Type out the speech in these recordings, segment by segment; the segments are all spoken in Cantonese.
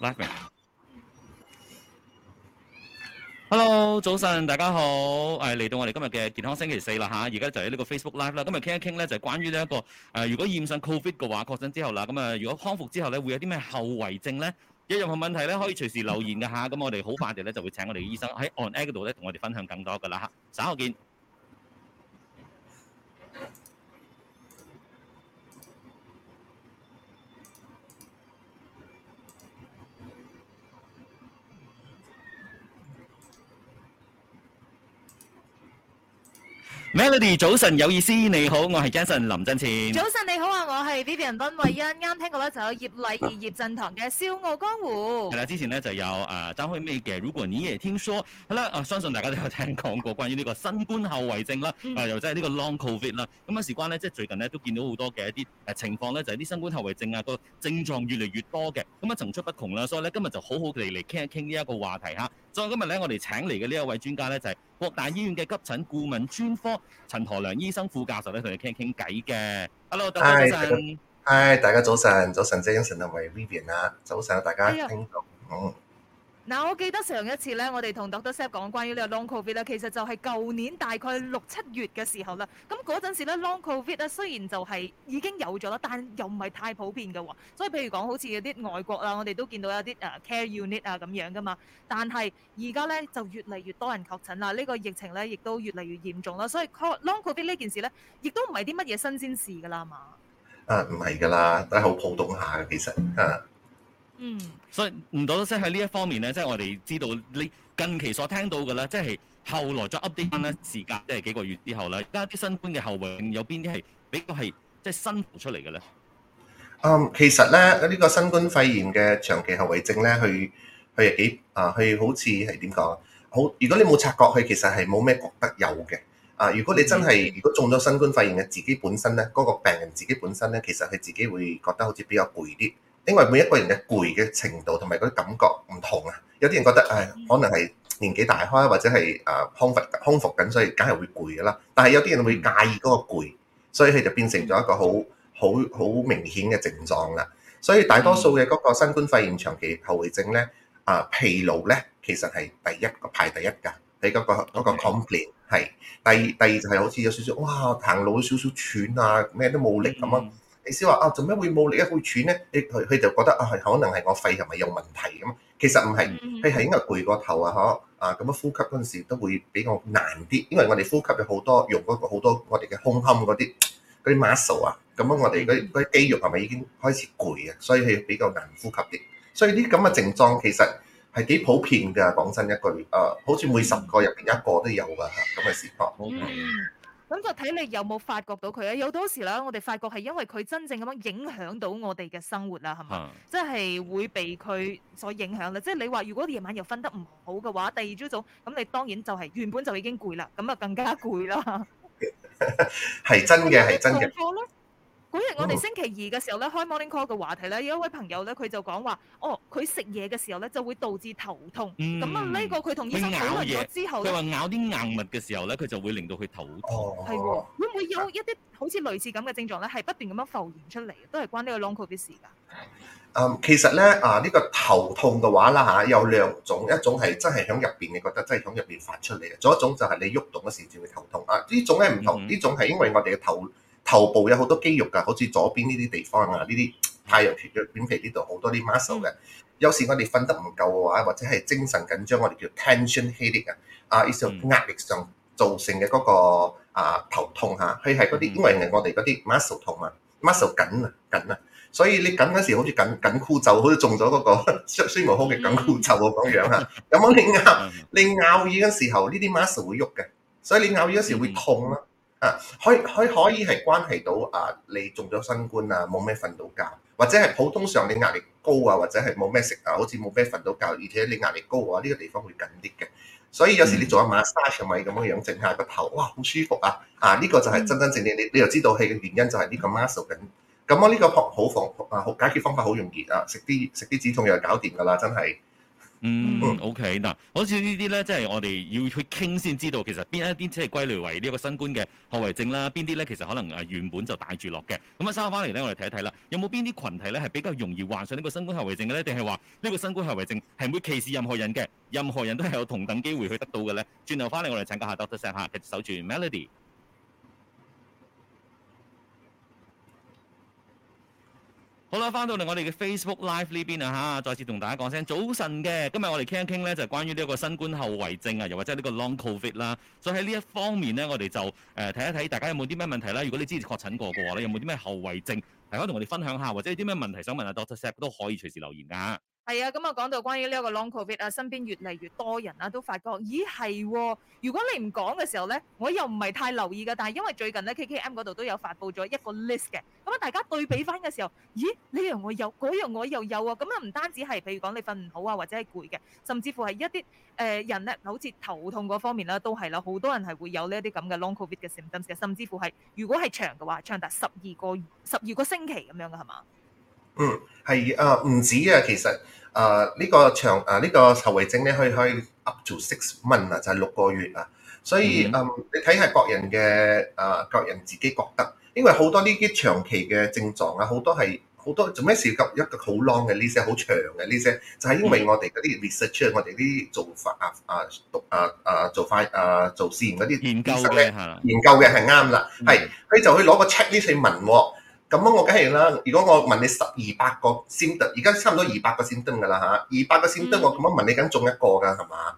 Live Hello 早晨，大家好，誒嚟到我哋今日嘅健康星期四啦吓，而家就喺呢個 Facebook Live 啦，今日傾一傾咧就係關於呢一個誒、呃，如果驗上 Covid 嘅話，確診之後啦，咁啊如果康復之後咧，會有啲咩後遺症咧？有任何問題咧，可以隨時留言嘅吓，咁我哋好快地咧就會請我哋嘅醫生喺 On Air 度咧同我哋分享更多嘅啦吓，稍後見。Melody，早晨有意思，你好，我係 Jason 林振慈。早晨你好啊，我係 Vivian 溫慧欣。啱聽過咧就有葉麗儀、葉振堂嘅《笑傲江湖》。係啦，之前咧就有啊張惠妹嘅《如果你也聽說》。係、呃、啦，我相信大家都有聽講過關於呢個新冠後遺症啦，嗯、啊又即係呢個 Long Covid 啦。咁啊，事關咧即係最近咧都見到好多嘅一啲誒情況咧，就係、是、啲新冠後遺症啊個症狀越嚟越多嘅，咁啊層出不窮啦。所以咧今日就好好哋嚟傾一傾呢一聊個話題吓。所以今日咧，我哋請嚟嘅呢一位專家咧，就係國大醫院嘅急診顧問專科陳何良醫生副教授咧，同你傾傾偈嘅。Hello，大家早晨。Hi, hi，大家早晨，早晨，即係早晨啊，為 Vivian 啊，早晨大家聽到嗱，我記得上一次咧，我哋同 Doctor Sam 講關於呢個 long covid 啊，其實就係舊年大概六七月嘅時候啦。咁嗰陣時咧，long covid 啊，雖然就係已經有咗啦，但係又唔係太普遍嘅喎。所以譬如講好似有啲外國啦，我哋都見到有啲誒 care unit 啊咁樣噶嘛。但係而家咧就越嚟越多人確診啦，呢個疫情咧亦都越嚟越嚴重啦。所以 long covid 呢件事咧，亦都唔係啲乜嘢新鮮事㗎啦嘛。啊，唔係㗎啦，都係好普通下其實啊。嗯，所以唔多識喺呢一方面咧，即係我哋知道你近期所聽到嘅咧，即係後來再 update 翻咧時間，即係幾個月之後咧，加啲新冠嘅後遺症有邊啲係比較係即係新浮出嚟嘅咧？嗯，其實咧呢個新冠肺炎嘅長期後遺症咧，佢佢係幾啊？佢好似係點講？好，如果你冇察覺，佢其實係冇咩覺得有嘅啊。如果你真係如果中咗新冠肺炎嘅自己本身咧，嗰個病人自己本身咧，其實佢自己會覺得好似比較攰啲。因為每一個人嘅攰嘅程度同埋嗰啲感覺唔同啊，有啲人覺得誒，可能係年紀大開或者係誒康復康復緊，所以梗係會攰啦。但係有啲人會介意嗰個攰，所以佢就變成咗一個好好好明顯嘅症狀啦。所以大多數嘅嗰個新冠肺炎長期後遺症咧，啊疲勞咧其實係第一個排第一㗎，你、那、嗰個嗰、那個 complain Okay .係。第二第二就係好似有少少哇行路少少喘啊，咩都冇力咁啊。意思話啊，做咩、哦、會冇力啊，會喘咧？你佢佢就覺得啊，係、哦、可能係我肺係咪有問題咁。其實唔係，佢係應該攰過頭啊，嗬啊咁樣呼吸嗰陣時都會比較難啲，因為我哋呼吸有好多用嗰好多我哋嘅胸腔嗰啲嗰啲 muscle 啊，咁樣我哋嗰啲肌肉係咪已經開始攰啊？所以佢比較難呼吸啲。所以啲咁嘅症狀其實係幾普遍㗎。講真一句，誒、啊、好似每十個入邊一個都有㗎、啊，咁係事咁就睇你有冇發覺到佢咧、啊？有好多時咧，我哋發覺係因為佢真正咁樣影響到我哋嘅生活啦，係嘛？即係 會被佢所影響啦。即係你話，如果你夜晚又瞓得唔好嘅話，第二朝早咁，你當然就係、係、原本就已經攰啦，咁啊更加攰啦。係 真嘅的，係 真嘅。 嗰日我哋星期二嘅時候咧，開 morning call 嘅話題咧，有一位朋友咧，佢就講話，哦，佢食嘢嘅時候咧，就會導致頭痛。咁啊、嗯，呢個佢同醫生討論咗之後咧，佢話咬啲硬物嘅時候咧，佢就會令到佢頭痛。係喎、哦，會唔會有一啲好似類似咁嘅症狀咧，係不斷咁樣浮現出嚟，都係關呢個 long call 嘅事㗎？誒、嗯，其實咧，啊呢、呢個頭痛嘅話啦嚇、啊，有兩種，一種係真係喺入邊你覺得真係喺入邊發出嚟嘅，仲有一種就係你喐動嗰時至會頭痛啊。呢種咧唔同，呢、嗯、種係因為我哋嘅頭。頭部有好多肌肉㗎，好似左邊呢啲地方啊，呢啲太陽穴嘅扁皮呢度好多啲 muscle 嘅。有時我哋瞓得唔夠嘅話，或者係精神緊張，我哋叫 tension headache 啊，is 壓力上造成嘅嗰個啊頭痛嚇。佢係嗰啲因為我哋嗰啲 muscle 痛啊，muscle 緊啊緊啊。所以你緊嗰時好似緊緊箍咒，好似中咗嗰個孫悟空嘅緊箍咒咁樣嚇。咁樣你咬你咬耳嘅時候，呢啲 muscle 會喐嘅，所以你咬耳嗰時候會痛囉。嗯佢佢可以係關係到啊，你中咗新冠啊，冇咩瞓到覺，或者係普通上你壓力高啊，或者係冇咩食啊，好似冇咩瞓到覺，而且你壓力高嘅話，呢個地方會緊啲嘅。所以有時你做一個 massage 咁樣樣整下個頭，哇，好舒服啊！啊，呢個就係真真正正你你又知道係嘅原因就係呢個 muscle 緊。咁我呢個 p 好防啊，好解決方法好容易啊，食啲食啲止痛藥搞掂噶啦，真係。嗯，OK，嗱，好似呢啲咧，即係我哋要去傾先知道，其實邊一啲即係歸類為呢個新冠嘅後遺症啦，邊啲咧其實可能誒、呃、原本就帶住落嘅。咁啊，收翻嚟咧，我哋睇一睇啦，有冇邊啲群體咧係比較容易患上呢個新冠後遺症嘅咧？定係話呢個新冠後遺症係唔會歧視任何人嘅，任何人都係有同等機會去得到嘅咧？轉頭翻嚟，我哋請教下 Doctor Sir 嚇，繼續守住 Melody。好啦，翻到嚟我哋嘅 Facebook Live 呢邊啊，吓，再次同大家講聲早晨嘅。今日我哋傾一傾咧，就關於呢一個新冠後遺症啊，又或者呢個 Long Covid 啦。所以喺呢一方面咧，我哋就誒睇一睇大家有冇啲咩問題啦。如果你之前確診過嘅話，你有冇啲咩後遺症，大家同我哋分享下，或者有啲咩問題想問阿、啊、Doctor Sam 都可以隨時留言噶。係啊，咁啊講到關於呢一個 long covid 啊，身邊越嚟越多人啦，都發覺，咦係、啊，如果你唔講嘅時候咧，我又唔係太留意噶，但係因為最近咧，KKM 嗰度都有發佈咗一個 list 嘅，咁啊大家對比翻嘅時候，咦呢樣我有，嗰樣我又有啊，咁啊唔單止係，譬如講你瞓唔好啊，或者係攰嘅，甚至乎係一啲誒、呃、人咧，好似頭痛嗰方面啦，都係啦，好多人係會有呢一啲咁嘅 long covid 嘅 symptoms 嘅，甚至乎係如果係長嘅話，長達十二個十二個星期咁樣嘅，係嘛？嗯，係啊，唔、呃、止啊，其實啊，呢、呃這個長啊、呃這個、呢個後遺症咧，可以可以 up to six months 啊，就係六個月啊。所以嗯、呃，你睇下各人嘅啊，各、呃、人自己覺得，因為好多呢啲長期嘅症狀啊，好多係好多做咩事要及一個好 long 嘅呢些，好長嘅呢些，就係因為我哋嗰啲 research、er, 嗯、我哋啲做法啊啊讀啊啊做法啊做試驗嗰啲研究 s e 咧，研究嘅係啱啦，係佢、嗯、就去攞個 check 呢四文喎。咁樣我梗係啦，如果我問你十二百個 symptom，而家差唔多二百個 symptom 噶啦嚇，二百個 symptom 我咁樣問你梗中一個噶係嘛？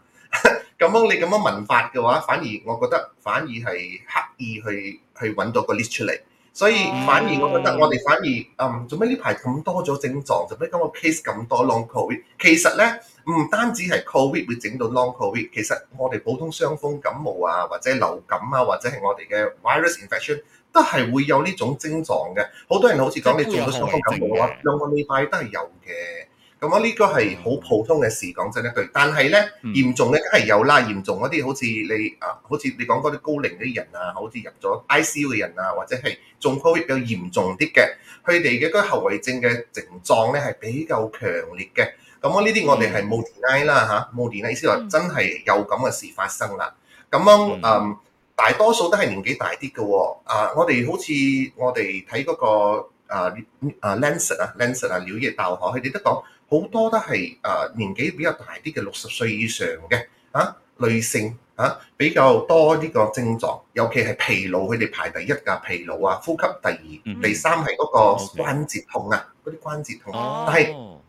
咁樣 你咁樣問法嘅話，反而我覺得反而係刻意去去揾到個 list 出嚟，所以反而我覺得我哋反而誒做咩呢排咁多咗症狀，做咩講個 case 咁多 long covid？其實咧唔單止係 covid 會整到 long covid，其實我哋普通傷風感冒啊，或者流感啊，或者係我哋嘅 virus infection。都係會有呢種症狀嘅，好多人好似講你做咗傷風感冒嘅話兩個禮拜都係有嘅。咁我呢個係好普通嘅事、嗯、講真一句，但係咧、嗯、嚴重咧梗係有啦，嚴重嗰啲好似你啊，好似你講嗰啲高齡啲人啊，好似入咗 ICU 嘅人啊，或者係中 Covid 比較嚴重啲嘅，佢哋嘅嗰啲後遺症嘅症狀咧係比較強烈嘅。咁我呢啲我哋係冇 deny 啦嚇，冇 deny 意思就真係有咁嘅事發生啦。咁樣嗯。大多數都係年紀大啲嘅喎，啊、uh, 那個，我哋好似我哋睇嗰個啊啊 Lancet 啊 Lancet 啊紐約大學，佢哋都講好多都係啊年紀比較大啲嘅六十歲以上嘅啊女性啊比較多呢個症狀，尤其係疲勞，佢哋排第一㗎，疲勞啊呼吸第二，第三係嗰個關節痛啊，嗰啲關節痛。Mm hmm. Okay. 但係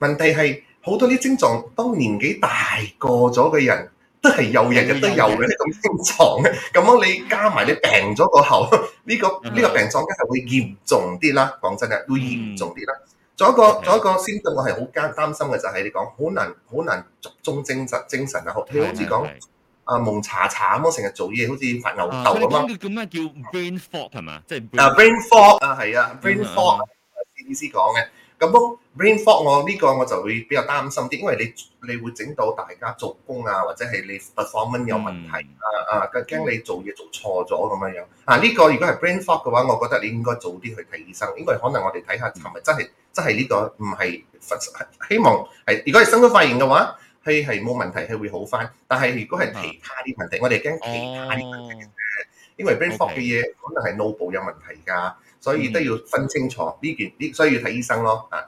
問題係好多啲症狀，當年紀大過咗嘅人。都係又日日都有嘅咁清床嘅，咁樣你加埋你病咗個後，呢個呢個病狀梗係會嚴重啲啦。講真嘅，會嚴重啲啦。仲有一個，仲有一個先對我係好擔擔心嘅就係你講好難，好難集中精神，精神啊！你好似講啊蒙查查咁咯，成日做嘢好似發吽哣咁咯。佢叫咩叫 brain fog 係嘛？即係啊 brain fog 啊，係啊 brain fog。C D C 講嘅。咁樣 brain fog 我呢個我就會比較擔心啲，因為、嗯嗯、你你會整到大家做工啊，或者係你 performance 有問題啊啊，驚你做嘢做錯咗咁樣樣。嗱呢個如果係 brain fog 嘅話，我覺得你應該早啲去睇醫生，因為可能我哋睇下尋日真係、嗯、真係呢個唔係。希望係如果係新冠肺炎嘅話，佢係冇問題，係會好翻。但係如果係其他啲問題，啊、我哋驚其他啲問題嘅，啊、因為 brain fog 嘅嘢 okay. 可能係腦部有問題㗎。所以都要分清楚呢件，呢需要睇醫生咯。啊，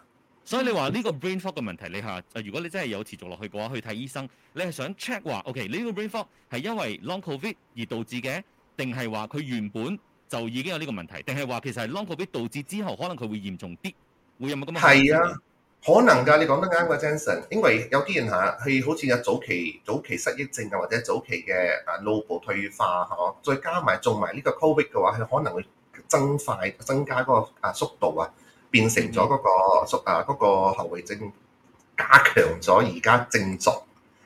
所以你話呢個 brain fog 嘅問題，你嚇，如果你真係有持續落去嘅話，去睇醫生。你係想 check 話，OK，呢個 brain fog 係因為 long covid 而導致嘅，定係話佢原本就已經有呢個問題，定係話其實係 long covid 導致之後，可能佢會嚴重啲，會有冇咁嘅？係啊，可能㗎。你講得啱㗎，Jenson。Sen，因為有啲人吓，佢好似有早期早期失憶症啊，或者早期嘅啊腦部退化嚇，再加埋做埋呢個 covid 嘅話，佢可能會。增快增加嗰、那個啊速度啊，變成咗嗰、那個、mm hmm. 啊嗰、那個後遺症加強咗而家症狀，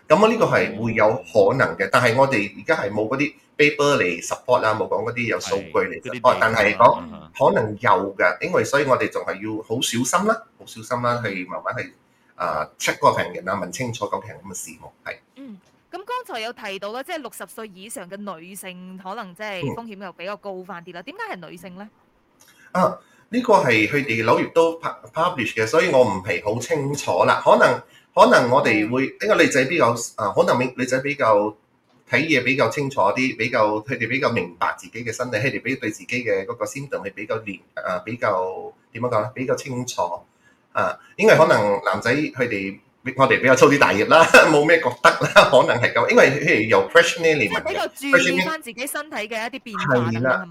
咁我呢個係會有可能嘅，但係我哋而家係冇嗰啲 paper 嚟 support 啊，冇講嗰啲有數據嚟、mm hmm. 但係講可能有㗎，因為所以我哋仲係要好小心啦，好小心啦，去慢慢去啊 check 嗰個病人啊，問清楚究竟咁嘅事務係。咁剛才有提到咧，即係六十歲以上嘅女性，可能即係風險又比較高翻啲啦。點解係女性咧？啊，呢、這個係佢哋紐約都 publish 嘅，所以我唔係好清楚啦。可能可能我哋會，因為女仔比較啊，可能女仔比較睇嘢、啊、比，比較清楚啲，比較佢哋比較明白自己嘅身體，佢哋比對自己嘅嗰個 syndrome 係比較連啊，比較點樣講咧？比較清楚啊，因為可能男仔佢哋。我哋比較粗枝大葉啦，冇咩覺得啦，可能係咁，因為由 questionnaire 咧，你問比較注重翻自己身體嘅一啲變化啦。係啦，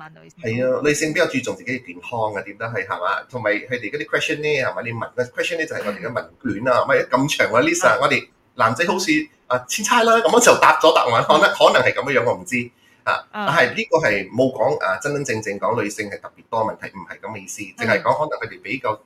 係啊，女性比較注重自己嘅健康啊，點都係係嘛，同埋佢哋嗰啲 questionnaire 咧係嘛，你問嘅 questionnaire 咧就係我哋嘅問卷啊，唔係咁長嘅 list 我哋男仔好似啊千差啦，咁我就答咗答案。可能可能係咁嘅樣，我唔知啊。 但係呢個係冇講啊，真真正正講女性係特別多問題，唔係咁嘅意思，淨係講可能佢哋比較。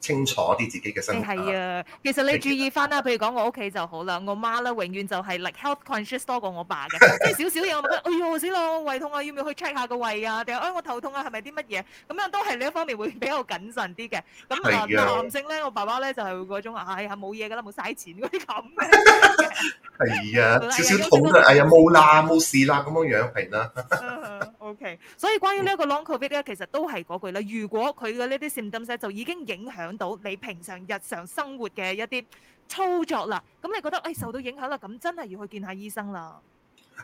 清楚啲自己嘅身體。係啊，其實你注意翻啦，的譬如講我屋企就好啦，我媽咧永遠就係力、like、health conscious 多過我爸嘅，即係少少嘢我問，哎呀死佬胃痛啊，要唔要去 check 下個胃啊？定係哎我頭痛啊，係咪啲乜嘢？咁樣都係另一方面會比較謹慎啲嘅。咁男性咧，我爸爸咧就係、是、嗰種啊，哎呀冇嘢㗎啦，冇嘥錢嗰啲咁嘅。係啊，少少痛㗎，哎呀冇啦冇事啦咁樣樣平啦。 O.K.，所、so, 以關於呢一個 Long COVID 咧，其實都係嗰句啦。如果佢嘅呢啲症狀咧，就已經影響到你平常日常生活嘅一啲操作啦，咁你覺得誒、哎、受到影響啦，咁真係要去見下醫生啦。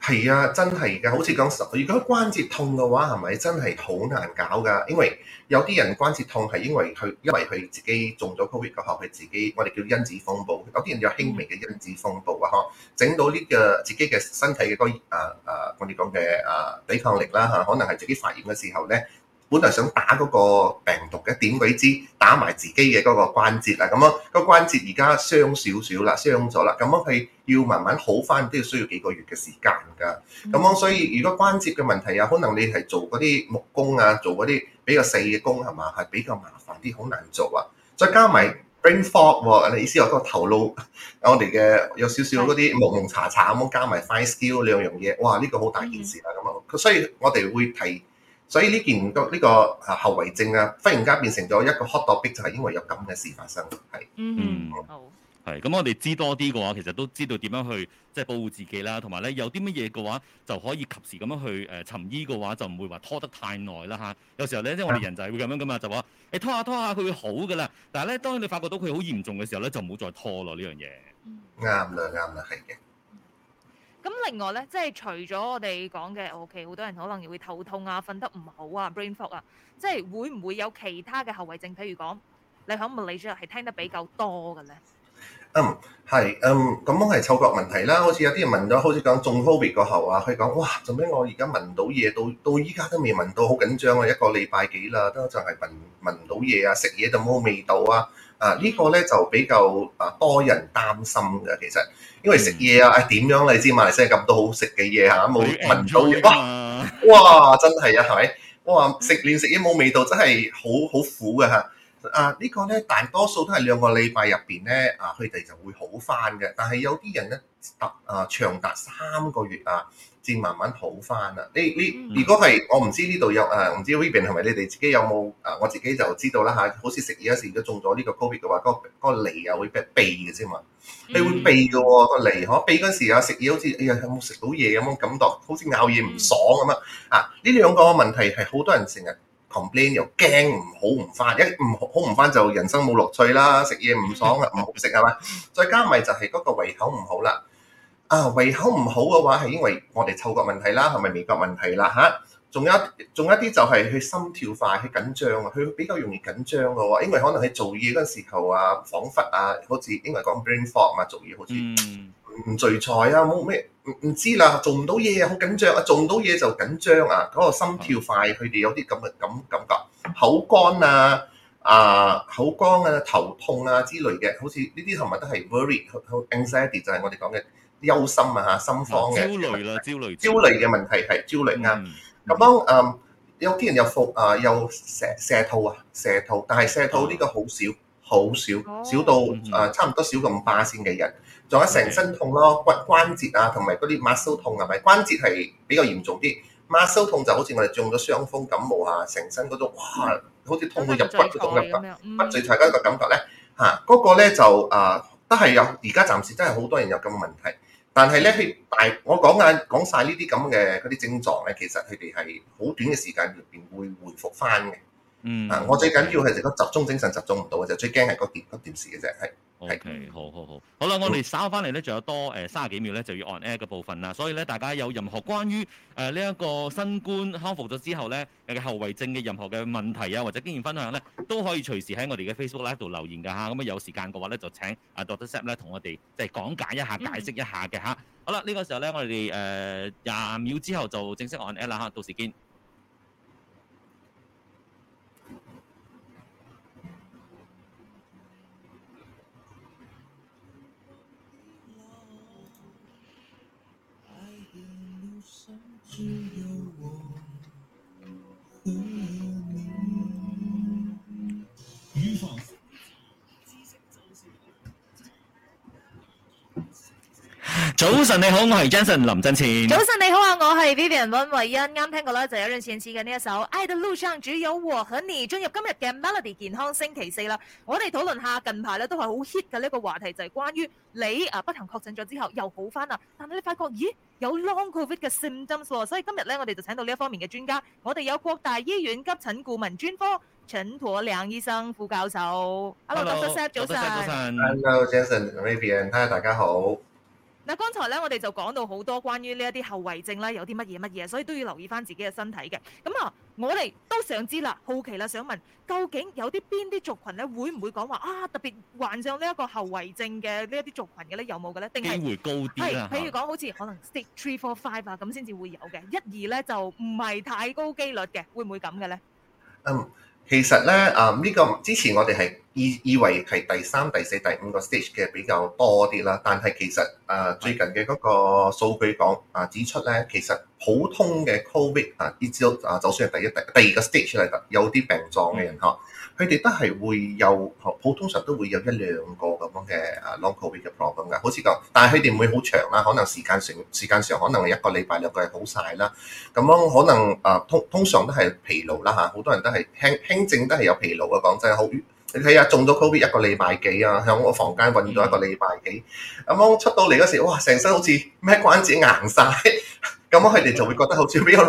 係啊，真係噶，好似講實，如果關節痛嘅話，係咪真係好難搞噶？因為有啲人關節痛係因為佢因為佢自己中咗 Covid 嘅後，佢自己我哋叫因子風暴，有啲人有輕微嘅因子風暴啊，呵，整到呢個自己嘅身體嘅嗰啲啊啊，我哋講嘅啊抵抗力啦嚇、啊，可能係自己發炎嘅時候咧。本嚟想打嗰個病毒嘅，點鬼知打埋自己嘅嗰個關節啦！咁樣嗰個關節而家傷少少啦，傷咗啦。咁樣佢要慢慢好返，都要需要幾個月嘅時間㗎。咁樣所以如果關節嘅問題啊，可能你係做嗰啲木工啊，做嗰啲比較細嘅工係嘛，係比較麻煩啲，好難做啊。再加埋 brain fog，你意思話個頭腦我哋嘅有少少嗰啲朦朦查查咁樣，加埋 fine skill 兩樣嘢，哇！呢個好大件事啦咁樣啊。所以我哋會提。所以呢件呢、這個後遺症啊，忽然間變成咗一個 hot topic，就係因為有咁嘅事發生。係，嗯，好，係。咁我哋知多啲嘅話，其實都知道點樣去即係、就是、保護自己啦。同埋咧，有啲乜嘢嘅話，就可以及時咁樣去誒尋、呃、醫嘅話，就唔會話拖得太耐啦。嚇、啊，有時候咧，即、就、係、是、我哋人就係會咁樣噶嘛，就話你、欸、拖下、啊、拖下、啊，佢會好噶啦。但係咧，當然你發覺到佢好嚴重嘅時候咧，就唔好再拖咯呢樣嘢。啱啦，啱啦、嗯，係嘅、嗯。咁另外咧，即係除咗我哋講嘅，OK，好多人可能會頭痛啊、瞓得唔好啊、brain fog 啊，即係會唔會有其他嘅後遺症？譬如講，你響物理上係聽得比較多嘅咧？嗯，係，嗯，咁樣係嗅覺問題啦，好似有啲人聞咗，好似講中 Covid 嗰候啊，佢講哇，做咩我而家聞唔到嘢，到到依家都未聞到，好緊張啊，一個禮拜幾啦，都就係聞聞唔到嘢啊，食嘢就冇味道啊。啊！這個、呢個咧就比較啊多人擔心㗎，其實因為食嘢啊，誒、哎、點樣你知馬來西亞咁多好食嘅嘢嚇，冇聞到嘩哇，真係啊，係咪哇食亂食嘢冇味道，真係好好苦嘅嚇、啊。啊！個呢個咧大多數都係兩個禮拜入邊咧，啊，佢哋就會好翻嘅。但係有啲人咧，達啊長達三個月啊，至慢慢好翻啊。你呢，如果係我唔知呢度有誒，唔、啊、知 Vivian 係咪你哋自己有冇啊？我自己就知道啦嚇。好似食嘢嗰時都中咗呢個高血嘅話，嗰、嗰個嗰又脷啊會咩痹嘅啫嘛？你會痹嘅喎個脷，可痹嗰時啊食嘢好似哎呀有冇食到嘢咁嘅感覺，好似咬嘢唔爽咁啊！啊呢兩個問題係好多人成日 complain 又驚唔好唔翻，一唔好唔翻就人生冇樂趣啦，食嘢唔爽啊，唔好食係嘛？再加埋就係嗰個胃口唔好啦，啊，胃口唔好嘅話係因為我哋嗅覺問題啦，係咪？味覺問題啦嚇，仲、啊、有仲有一啲就係佢心跳快，佢緊張啊，佢比較容易緊張嘅喎，因為可能佢做嘢嗰陣時候啊恍惚啊，好似因為講 brain fog 啊，做嘢好似。嗯唔聚財啊！冇咩唔唔知啦、啊，做唔到嘢好緊張啊！做唔到嘢就緊張啊！嗰個心跳快，佢哋有啲咁嘅感感覺、啊，口乾啊，啊口乾啊，頭痛啊之類嘅，好似呢啲同埋都係 worry 佢佢 anxiety 就係我哋講嘅憂心啊嚇心慌嘅、啊。焦慮啦，焦慮。焦慮嘅問題係焦慮啊！咁當嗯，嗯樣有啲人有腹啊有蛇蛇吐啊蛇吐，但係蛇吐呢個好少，好少、哦、少到啊差唔多少咁巴仙嘅人。仲有成身痛咯，骨關節啊，同埋嗰啲 muscle 痛啊，咪關節係比較嚴重啲 muscle 痛，就好似我哋中咗傷風感冒啊，成身嗰種哇，好似痛到入骨嗰種入骨、嗯、最大家一個感覺咧嚇嗰個咧就啊、呃、都係有而家暫時真係好多人有咁嘅問題，但係咧佢大我講緊講晒呢啲咁嘅嗰啲症狀咧，其實佢哋係好短嘅時間入邊會回復翻嘅。嗯，啊，我最緊要係成個集中精神集中唔到，就最驚係嗰電嗰電視嘅啫，係。O K，好好好。好啦，嗯、我哋稍翻嚟咧，仲有多誒三十幾秒咧，就要 on air 嘅部分啦。所以咧，大家有任何關於誒呢一個新冠康復咗之後咧嘅後遺症嘅任何嘅問題啊，或者經驗分享咧，都可以隨時喺我哋嘅 Facebook 咧度留言噶嚇。咁啊，有時間嘅話咧，就請阿 Doctor Sam 咧同我哋即係講解一下、嗯、解釋一下嘅嚇。好啦，呢、這個時候咧，我哋誒廿秒之後就正式 on air 啦嚇，到時見。早晨你好，我係 Jason 林振前。早晨你好啊，我係 Vivian 溫慧欣。啱聽過啦，就有人嘗次嘅呢一首《愛的路上只有我和你》。進入今日嘅 Melody 健康星期四啦，我哋討論下近排咧都係好 hit 嘅呢個話題，就係、是、關於你啊，不幸確診咗之後又好翻啦，但係你發覺咦有 long covid 嘅 symptoms，所以今日咧我哋就請到呢一方面嘅專家，我哋有國大醫院急診顧問專科陳可良醫生副教授。阿羅 doctor sir，早晨。早晨。Hello Jason Vivian，Hello 大家好。嗱，剛才咧，我哋就講到好多關於呢一啲後遺症啦，有啲乜嘢乜嘢，所以都要留意翻自己嘅身體嘅。咁啊，我哋都想知啦，好奇啦，想問究竟有啲邊啲族群咧，會唔會講話啊？特別患上呢一個後遺症嘅呢一啲族群嘅咧，有冇嘅咧？定係機會高啲啦。係，譬如講好似可能 stage three、four、five 啊，咁先至會有嘅，一二咧就唔係太高機率嘅，會唔會咁嘅咧？Um，其實咧，啊呢個之前我哋係以以為係第三、第四、第五個 stage 嘅比較多啲啦，但係其實啊最近嘅嗰個數據講啊指出咧，其實普通嘅 COVID 啊，亦都啊就算係第一、第第二個 stage 嚟嘅，有啲病狀嘅人呵、嗯。佢哋都係會有，普通常都會有一兩個咁樣嘅啊 long covid 嘅 problem 咁嘅，好似咁，但係佢哋唔會好長啦，可能時間成時間上可能係一個禮拜兩個係好晒啦，咁樣可能啊通通常都係疲勞啦嚇，好多人都係輕輕症都係有疲勞嘅講真，好，你睇下中咗 covid 一個禮拜幾啊，喺我房間韞咗一個禮拜幾，咁樣出到嚟嗰時，哇，成身好似咩關節硬晒。咁樣佢哋就會覺得好似。比較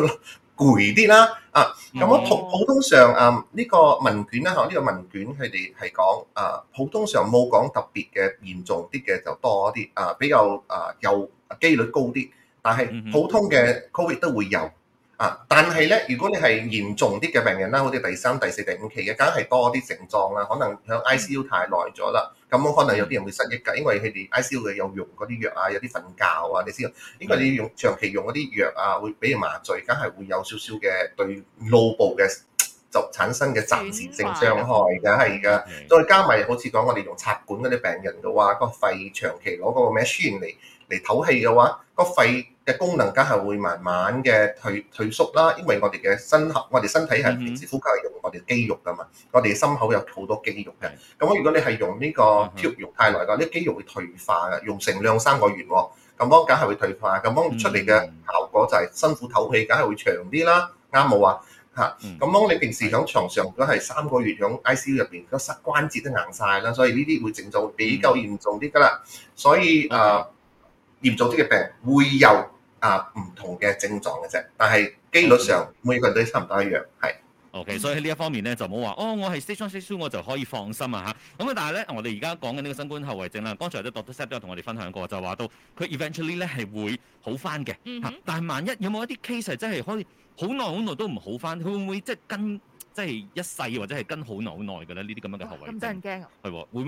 攰啲啦，啊，咁我普普通上啊呢個問卷啦，嗬呢個問卷佢哋係講啊普通上冇講特別嘅嚴重啲嘅就多啲，啊比較啊有機率高啲，但係普通嘅 Covid 都會有，啊但係咧如果你係嚴重啲嘅病人啦，好似第三、第四、第五期嘅梗係多啲症狀啦，可能喺 ICU 太耐咗啦。咁我可能有啲人會失憶㗎，嗯、因為佢哋 ICU 嘅有用嗰啲藥啊，有啲瞓覺啊，你知啦。嗯、因為你用長期用嗰啲藥啊，會畀人麻醉，梗係會有少少嘅對腦部嘅就產生嘅暫時性傷害，梗係噶。再加埋好似講我哋用插管嗰啲病人嘅話，個肺長期攞嗰個咩 machine 嚟嚟唞氣嘅話，個肺嘅功能梗係會慢慢嘅退退縮啦，因為我哋嘅身合，我哋身體係、mm hmm. 平時呼吸係用我哋肌肉噶嘛，我哋心口有好多肌肉嘅。咁、mm hmm. 如果你係用呢個貼肉太耐嘅，啲、這個、肌肉會退化嘅。用成兩三個月，咁樣梗係會退化，咁樣出嚟嘅效果就係辛苦唞氣，梗係會長啲啦。啱冇啊？嚇，咁樣你平時喺床上都係三個月喺 ICU 入邊，都膝關節都硬晒啦，所以呢啲會症狀比較嚴重啲噶啦。所以誒、呃，嚴重啲嘅病會有。啊，唔同嘅症狀嘅啫，但係機率上、嗯、每個人都差唔多一樣，係。OK，、嗯、所以呢一方面咧，就唔好話哦，我係 six on six t 我就可以放心啊嚇。咁啊，但係咧，我哋而家講緊呢個新冠後遺症啦，剛才都 doctor set 都有同我哋分享過，就話到佢 eventually 咧係會好翻嘅。嗯、啊、但係萬一有冇一啲 case 係真係可以很久很久好耐好耐都唔好翻，佢會唔會即係跟？即係一世或者係跟好耐好耐嘅呢啲咁樣嘅後遺症真係得人驚啊！係喎、 嗯，會唔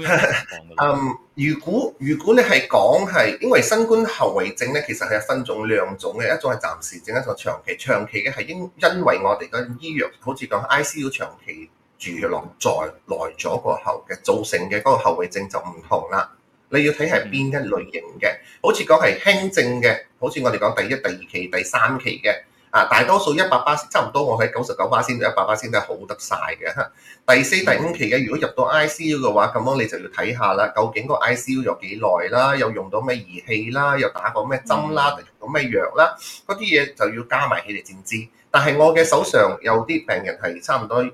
會，如果如果你係講，係因為新冠後遺症呢，其實係分種兩種嘅，一種係暫時症，一種長期。長期嘅係因因為我哋嘅醫藥，好似講 ICU 長期住落在耐咗過後嘅造成嘅嗰個後遺症就唔同啦。你要睇係邊一類型嘅，好似講係輕症嘅，好似我哋講第一、第二期、第三期嘅。啊！大多數一百八差唔多我，我喺九十九八先到一百八先都係好得晒嘅。第四第五期嘅，如果入到 I C U 嘅話，咁樣你就要睇下啦。究竟個 I C U 有幾耐啦？又用到咩儀器啦？又打過咩針啦？用到咩藥啦？嗰啲嘢就要加埋起嚟先知。但係我嘅手上有啲病人係差唔多誒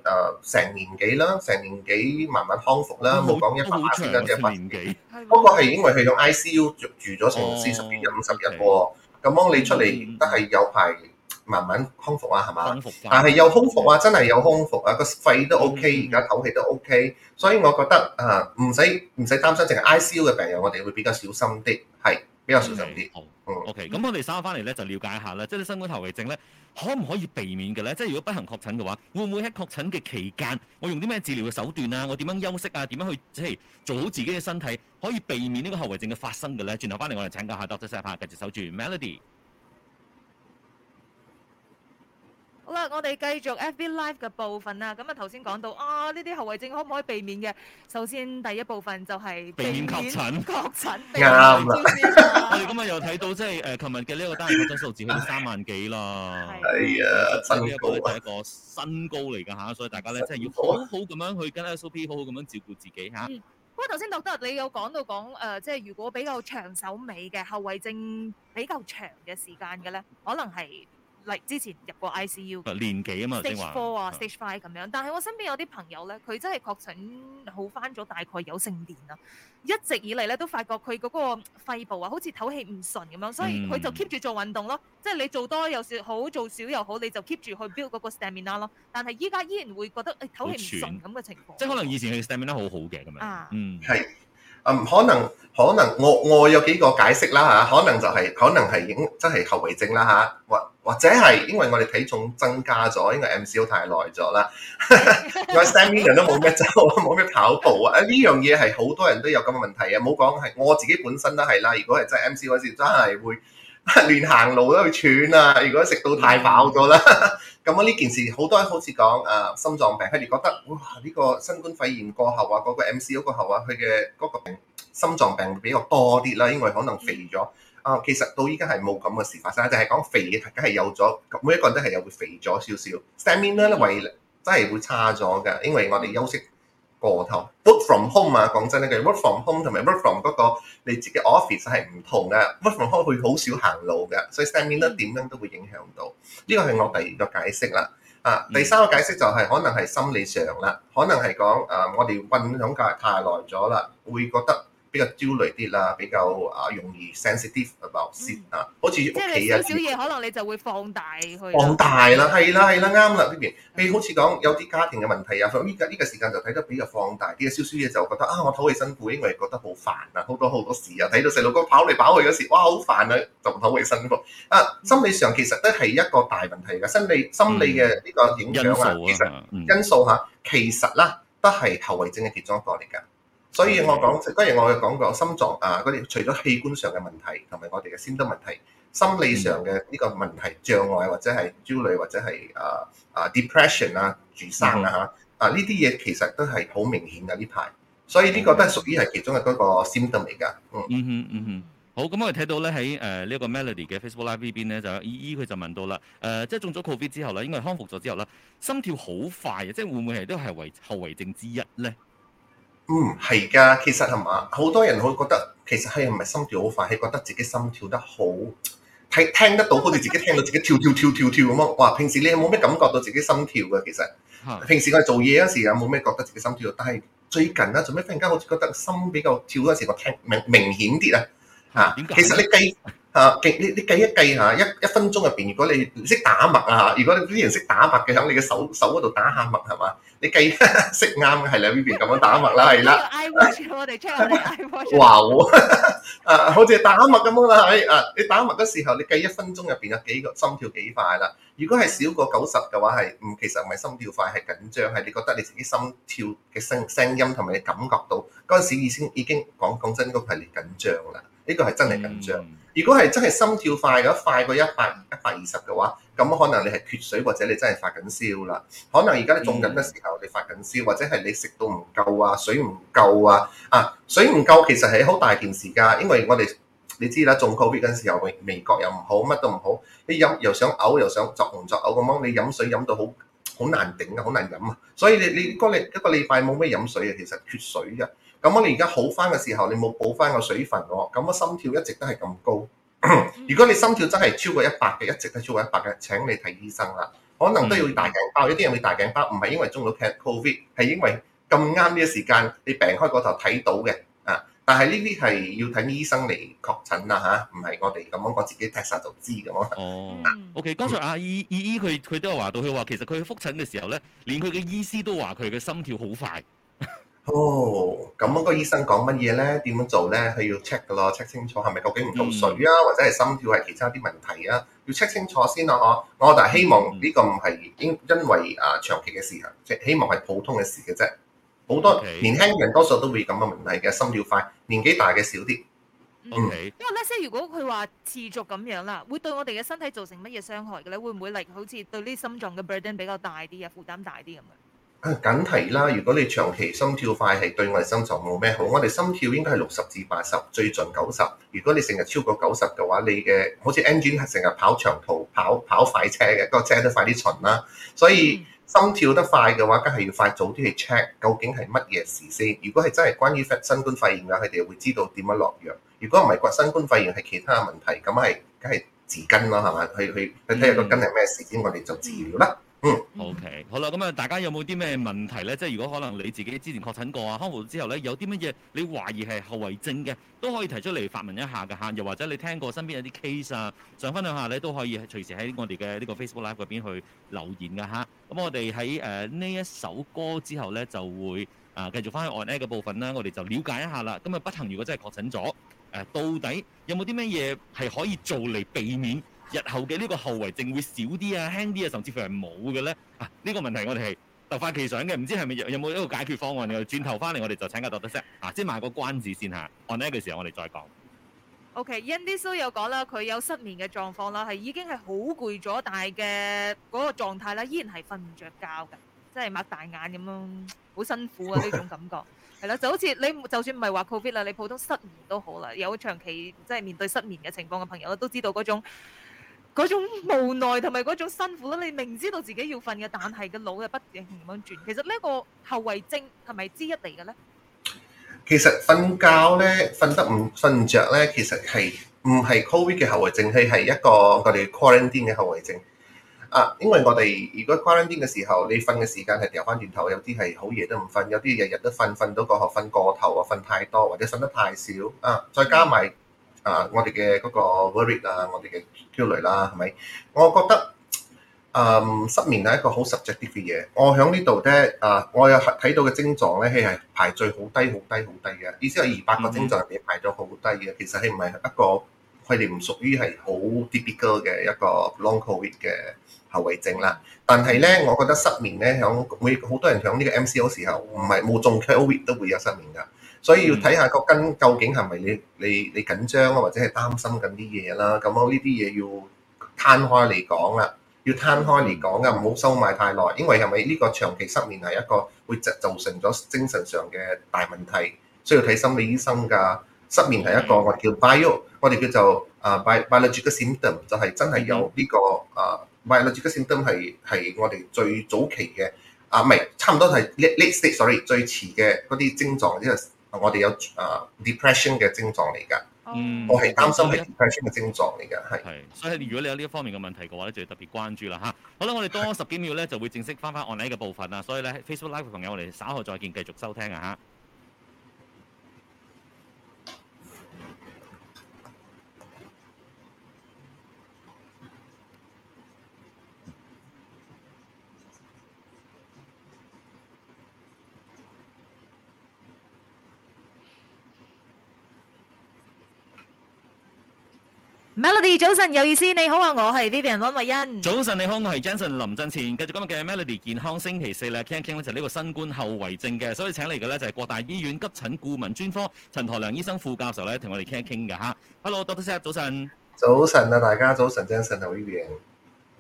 成年幾啦，成年幾慢慢康復啦、嗯，冇講、嗯嗯、一百八先得，只一百年幾。不過係因為佢喺 I C U 住住咗成四十幾日五十日喎，咁樣、嗯 okay。嗯、你出嚟都係有排。慢慢康復啊，係嘛？但係又康復啊，真係有康復啊，個肺都 OK，而家唞氣都 OK，所以我覺得啊，唔使唔使擔心，淨係 ICU 嘅病人，我哋會比較小心啲，係比較小心啲。好，OK，咁我哋稍翻嚟咧，就了解一下咧，即係你新冠後遺症咧，可唔可以避免嘅咧？即係如果不幸確診嘅話，會唔會喺確診嘅期間，我用啲咩治療嘅手段啊？我點樣休息啊？點樣去即係做好自己嘅身體，可以避免呢個後遺症嘅發生嘅咧？轉頭翻嚟，我哋請教下 Doctor Sir，繼續守住 Melody。Mel 好啦，我哋繼續 FB Live 嘅部分啦。咁啊，頭先講到啊，呢啲後遺症可唔可以避免嘅？首先第一部分就係避免確診，確診我哋沒錯、 啊、今日又睇到即係誒，琴日嘅呢一個單人指數指數三萬幾啦。係 是、哎、啊，啊這個、呢真高就第、是、一個新高嚟㗎吓。所以大家咧真係要好好咁樣去跟 SOP 好好咁樣照顧自己吓。不過頭先樂德你有講到講誒，即、呃、係如果比較長手尾嘅後遺症比較長嘅時間嘅咧，可能係。嚟之前入過 ICU，年紀嘛4啊嘛 stage four 啊，stage five 咁樣。但係我身邊有啲朋友咧，佢真係確診好翻咗大概有成年啦，一直以嚟咧都發覺佢嗰個肺部啊，好似唞氣唔順咁樣，所以佢就 keep 住做運動咯。即係你做多又算好，做少又好，你就 keep 住去 build 嗰個 stamina 咯。但係依家依然會覺得誒唞氣唔順咁嘅情況慘，即係可能以前佢 stamina 好好嘅咁樣，啊、嗯係。 誒、um, 可能可能我我有幾個解釋啦嚇，可能就係、是、可能係影真係後遺症啦嚇，或或者係因為我哋體重增加咗，因為 MCO 太耐咗啦， 我 St s t a n d i n 都冇咩走啊，啊，冇咩跑步啊，啊呢樣嘢係好多人都有咁嘅問題啊，唔好講係我自己本身都係啦，如果係真係 MCO 嗰時真係會。亂行路都去喘啦、啊！如果食到太飽咗啦，咁我呢件事好多好似講誒心臟病，佢哋覺得哇呢、這個新冠肺炎過後啊，嗰、那個 M C 嗰個後啊，佢嘅嗰個病心臟病比較多啲啦，因為可能肥咗啊。其實到依家係冇咁嘅事發生，就係、是、講肥嘅係梗係有咗，每一個人都係有會肥咗少少，s t a m i 咧為真係會差咗噶，因為我哋休息。個頭，work from home 啊，講真咧，嘅 work from home 同埋 work from 嗰、那個你自己 office 係唔同嘅，work from home 會好少行路嘅，所以 stamina 咧點樣都會影響到。呢個係我第二個解釋啦。啊，第三個解釋就係、是、可能係心理上啦，可能係講啊，我哋混響架太耐咗啦，會覺得，比較焦慮啲啦，比較啊容易 sensitive 啊、嗯，好似屋企啊少少嘢，小小可能你就會放大去。放大啦，係啦，係啦了，啱啦，B B。譬如好似講有啲家庭嘅問題啊，咁依家呢個時間就睇得比較放大啲啊，少少嘢就覺得啊，我唞氣辛苦，因為覺得好煩，煩啊，好多好多事啊，睇到細路哥跑嚟跑去嗰時，哇，好煩啊，就唔唞氣辛苦啊。心理上其實都係一個大問題嘅，心理心理嘅呢個影響、嗯嗯、啊，其實因素嚇，嗯嗯、其實啦，都係後遺症嘅其中一個嚟㗎。所以我講，嗰日、mm hmm. 我又講過心臟啊，嗰啲除咗器官上嘅問題，同埋我哋嘅心得問題，心理上嘅呢個問題障礙，或者係焦慮，或者係啊啊 depression 啊，住生啊嚇、mm hmm. 啊呢啲嘢其實都係好明顯嘅呢排，所以呢個都係屬於係其中嘅嗰個 symptom 嚟㗎。嗯嗯嗯嗯，mm hmm, mm hmm. 好，咁我哋睇到咧喺誒呢一個 Melody 嘅 Facebook Live 邊呢邊咧，就有依依佢就問到啦，誒、呃、即係中咗 COVID 之後咧，應該康復咗之後咧，心跳好快啊，即係會唔會係都係為後遺症之一咧？嗯，係㗎，其實係嘛，好多人會覺得其實係唔係心跳好快，係覺得自己心跳得好，係聽，聽得到，好似自己聽到自己跳跳跳跳跳咁樣。哇，平時你有冇咩感覺到自己心跳嘅？其實，的平時我做嘢嗰時有冇咩覺得自己心跳？但係最近咧，做咩忽然間好似覺得心比較跳嗰時，我聽明明顯啲啊，嚇！點解？其實你計。啊！你你計一計下，一一分鐘入邊，如果你識打脈啊，如果你啲人識打脈嘅，喺你嘅手手嗰度打下脈係嘛？你計識啱嘅係兩邊咁樣打脈啦，係啦。我哋 check 我哋。流啊！啊，好似打脈咁樣啦，係啊！你打脈嘅時候，你計一分鐘入邊有幾個心跳幾快啦？如果係少過九十嘅話，係唔其實唔係心跳快，係緊張，係你覺得你自己心跳嘅聲聲音同埋你感覺到嗰陣時已經已經講講真呢個係你緊張啦。呢個係真係緊張。嗯、如果係真係心跳快嘅，快過一百一百二十嘅話，咁可能你係缺水，或者你真係發緊燒啦。可能而家你中緊嘅時候、嗯、你發緊燒，或者係你食到唔夠啊，水唔夠啊。啊，水唔夠其實係好大件事㗎，因為我哋你知啦，中 COVID 嗰陣時候味覺又唔好，乜都唔好。你飲又想嘔，又想作嘔作嘔咁樣，你飲水飲到好好難頂啊，好難飲啊。所以你你嗰個嗰個禮拜冇咩飲水啊，其實缺水嘅。咁我你而家好翻嘅時候，你冇補翻個水分喎。咁個心跳一直都係咁高。 如果你心跳真係超過一百嘅，一直都超過一百嘅，請你睇醫生啦。可能都要大頸包，嗯、有啲人會大頸包，唔係因為中咗 c covid，係因為咁啱呢個時間你病開嗰頭睇到嘅啊。但係呢啲係要睇醫生嚟確診啦、啊、吓？唔、啊、係我哋咁樣我自己睇曬就知咁咯。哦。啊、o、okay, K，剛才阿姨、E 姨，姨，佢佢都有話到，佢話其實佢去覆診嘅時候咧，連佢嘅醫師都話佢嘅心跳好快。哦，咁、那、嗰個醫生講乜嘢咧？點樣做咧？佢要 check 噶咯，check 清楚係咪究竟唔同水啊，嗯、或者係心跳係其他啲問題啊？要 check 清楚先咯、啊，我我但係希望呢個唔係因因為啊長期嘅事啊，即係希望係普通嘅事嘅啫。好多年輕人多數都會咁嘅問題嘅，心跳快，年紀大嘅少啲。嗯，Okay. 因為咧，即係如果佢話持續咁樣啦，會對我哋嘅身體造成乜嘢傷害嘅咧？會唔會嚟好似對呢心臟嘅 burden 比較大啲啊，負擔大啲咁樣？梗提啦！如果你長期心跳快係對我哋心臟冇咩好，我哋心跳應該係六十至八十，最盡九十。如果你成日超過九十嘅話，你嘅好似 engine 係成日跑長途、跑跑快車嘅，個車都快啲巡啦。所以心跳得快嘅話，梗係要快早啲去 check 究竟係乜嘢事先。如果係真係關於新冠肺炎嘅，佢哋會知道點樣落藥。如果唔係關新冠肺炎係其他問題，咁係梗係治根咯，係咪？去去去睇下個根係咩事先，我哋就治療啦。OK，好啦，咁啊，大家有冇啲咩問題咧？即係如果可能你自己之前確診過啊，康復之後咧，有啲乜嘢你懷疑係後遺症嘅，都可以提出嚟發問一下嘅嚇。又或者你聽過身邊有啲 case 啊，想分享下咧，都可以隨時喺我哋嘅呢個 Facebook Live 嗰邊去留言嘅吓，咁我哋喺誒呢一首歌之後咧，就會啊、呃、繼續翻去 online 嘅部分啦。我哋就了解一下啦。咁啊，不幸如果真係確診咗，誒、呃、到底有冇啲乜嘢係可以做嚟避免？日後嘅呢個後遺症會少啲啊，輕啲啊，甚至乎係冇嘅咧？啊，呢個問題我哋係突發奇想嘅，唔知係咪有冇一個解決方案？然後轉頭翻嚟，我哋就請教 doctor sir。啊，先賣個關子先下，按呢一句時候我哋再講。O K，Indis 都有講啦，佢有失眠嘅狀況啦，係已經係好攰咗，但係嘅嗰個狀態咧，依然係瞓唔着覺嘅，即係擘大眼咁樣，好辛苦啊呢 種感覺。係啦，就好似你就算唔係話 COVID 啦，你普通失眠都好啦，有長期即係面對失眠嘅情況嘅朋友，都知道嗰種。嗰種無奈同埋嗰種辛苦咯，你明知道自己要瞓嘅，但係個腦又不停咁樣轉。其實呢一個後遺症係咪之一嚟嘅咧？其實瞓覺咧，瞓得唔瞓着咧，其實係唔係 Covid 嘅後遺症，係係一個我哋 quarantine 嘅後遺症。啊，因為我哋如果 quarantine 嘅時候，你瞓嘅時間係掉翻轉頭，有啲係好夜都唔瞓，有啲日日都瞓，瞓到個學瞓過頭啊，瞓太多或者瞓得太少啊，再加埋。啊、uh, 那個，我哋嘅嗰個 worried 啊，我哋嘅焦慮啦，係咪？我覺得，誒、嗯、失眠係一個好 subjective 嘅嘢。我喺呢度咧，誒、uh, 我有睇到嘅症狀咧，係排序好低、好低、好低嘅。意思係二百個症狀入面排到好低嘅，嗯、其實係唔係一個佢哋唔屬於係好 deep 嘅一個 long covid 嘅後遺症啦。但係咧，我覺得失眠咧，響每好多人響呢個 MCO 時候，唔係冇中 covid 都會有失眠㗎。所以要睇下個根究竟係咪你你你緊張啊，或者係擔心緊啲嘢啦。咁呢啲嘢要攤開嚟講啦，要攤開嚟講㗎，唔好收埋太耐。因為係咪呢個長期失眠係一個會造成咗精神上嘅大問題，需要睇心理醫生㗎。失眠係一個我哋叫 bio，mm hmm. 我哋叫做啊 biological symptom，就係真係有呢個啊 biological symptom 係係我哋最早期嘅啊，唔係差唔多係 late stage sorry 最遲嘅嗰啲症狀，因為。我哋有啊 depression 嘅症狀嚟噶，嗯、我係擔心係 depression 嘅症狀嚟噶，係。所以如果你有呢一方面嘅問題嘅話咧，就要特別關注啦嚇。好啦，我哋多十幾秒咧是就會正式返返案例嘅部分啦，所以咧 Facebook Live 嘅朋友，我哋稍後再見，繼續收聽啊嚇。Melody 早晨，有意思，你好啊，我係 Vivian 溫慧欣。早晨，你好，我係 Jason 林振前。繼續今日嘅 Melody 健康星期四咧，傾一傾咧就係呢個新冠後遺症嘅，所以請嚟嘅咧就係國大醫院急診顧問專科陳台良醫生副教授咧，同我哋傾一傾嘅吓。Hello，Doctor Sir，早晨。早晨啊，大家早晨，Jason 同好<晨 >Vivian。